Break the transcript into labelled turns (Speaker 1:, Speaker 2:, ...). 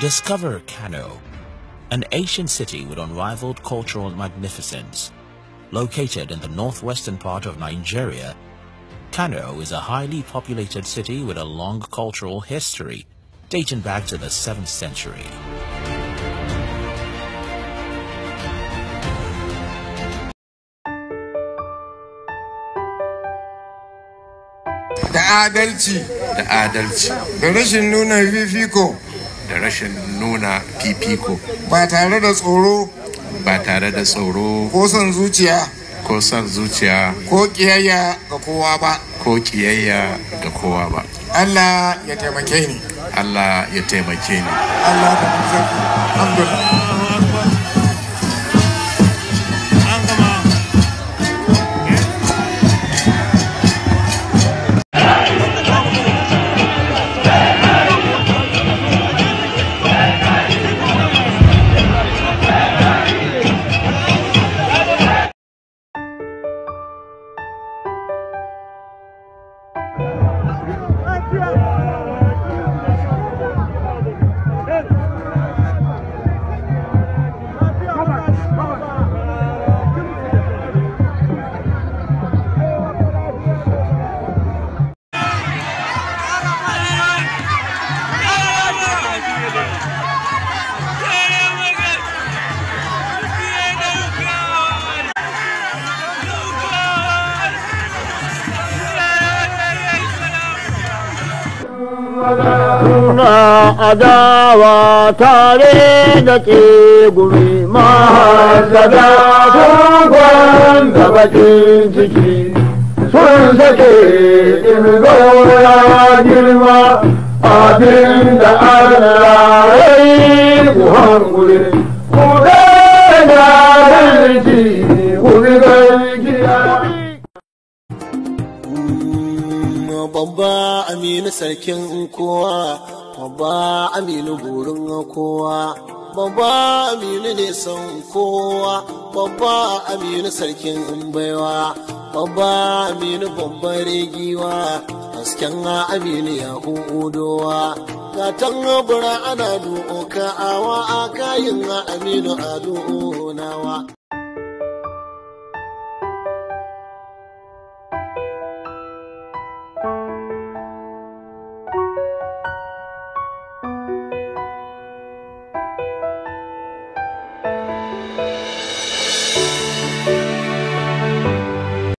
Speaker 1: Discover Kano, an ancient city with unrivaled cultural magnificence. Located in the northwestern part of Nigeria, Kano is a highly populated city with a long cultural history dating back to the 7th century.
Speaker 2: da adalci da adalci da rashin nuna fifiko da rashin nuna fifiko ba tare da tsoro ba tare da tsoro ko son zuciya ko son zuciya ko kiyayya ga kowa ba ko
Speaker 1: kiyayya ga kowa ba
Speaker 2: Allah ya taimake ni
Speaker 1: Allah ya taimake ni Allah ta taimake ni
Speaker 2: Suna adawa tare da ke ma mahasada sun da bakin ciki sun sake ya girma abin da Allah ya yi ku hangure. babba aminu sarkin kowa babba aminu burin kowa babba aminu ne son kowa babba aminu sarkin baiwa babba aminu babban giwa hasken aminu ya hudowa gatan bura ana duka awa, a kayin aminu a du'o nawa